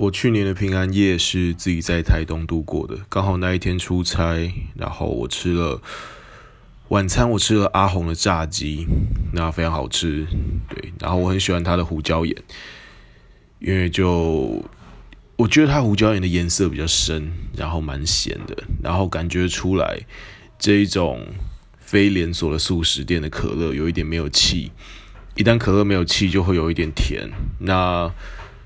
我去年的平安夜是自己在台東度過的，剛好那一天出差，然後我吃了晚餐，我吃了阿紅的炸雞，那非常好吃，對，然後我很喜歡它的胡椒鹽，因為就我覺得它胡椒鹽的顏色比較深，然後蠻鹹的，然後感覺出來這一種非連鎖的速食店的可樂有一點沒有氣，一旦可樂沒有氣就會有一點甜，那。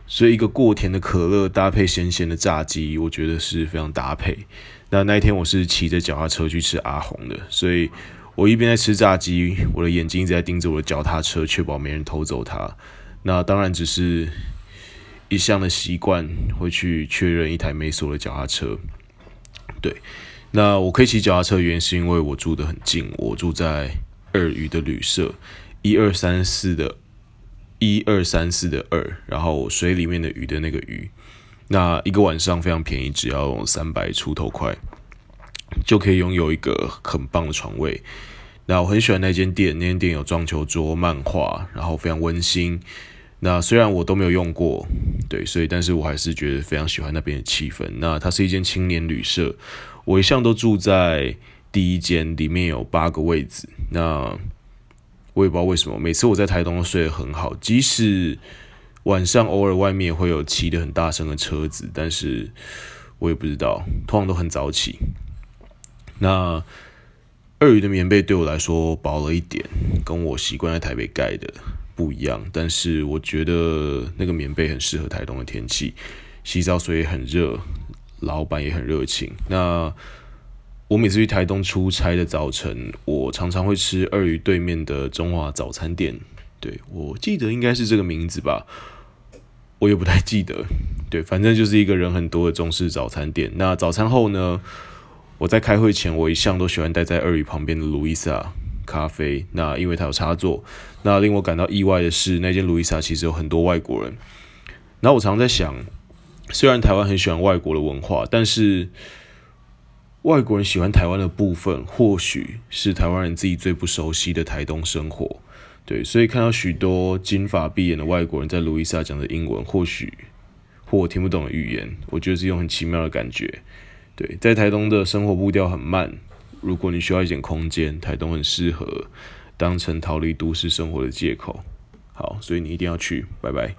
所以一個過甜的可樂搭配鹹鹹的炸雞，我覺得是非常搭配。那那一天我是騎着腳踏車去吃阿鋐的，所以我一邊在吃炸雞，我的眼睛一直在盯着我的腳踏車，確保沒人偷走它。那當然只是一向的習慣，會去確認一台沒鎖的腳踏車。對，那我可以騎腳踏車，原因是因為我住得很近，我住在二魚的旅社，一二三四的。一二三四的二，然後水裡面的魚的那個魚，那一個晚上非常便宜，只要三百出頭塊，就可以擁有一個很棒的床位。那我很喜歡那間店，那間店有桌球桌、漫畫，然後非常溫馨。那雖然我都沒有用過，對，所以但是我還是覺得非常喜歡那邊的氣氛。那它是一間青年旅社，我一向都住在第一間，裡面有八個位置。那我也不知道為什麼，每次我在台東都睡得很好，即使晚上偶爾外面會有騎的很大聲的車子，但是我也不知道，通常都很早起。那鱷魚的棉被對我來說薄了一點，跟我習慣在台北蓋的不一樣，但是我覺得那個棉被很適合台東的天氣。洗澡水也很熱，老闆也很熱情。那我每次去台東出差的早晨，我常常會吃鱷魚對面的中華早餐店。對，我記得應該是這個名字吧，我也不太記得。對，反正就是一個人很多的中式早餐店。那早餐後呢，我在開會前，我一向都喜歡待在鱷魚旁邊的路易莎咖啡。那因為它有插座。那令我感到意外的是，那間路易莎其實有很多外國人。然後我常常在想，雖然台灣很喜歡外國的文化，但是。外國人喜歡台灣的部分，或許是台灣人自己最不熟悉的台東生活，對，所以看到許多金髮碧眼的外國人，在路易莎講的英文，或許或我聽不懂的語言，我覺得是一種很奇妙的感覺，對，在台東的生活步調很慢，如果你需要一點空間，台東很適合當成逃離都市生活的借口，好，所以你一定要去，拜拜。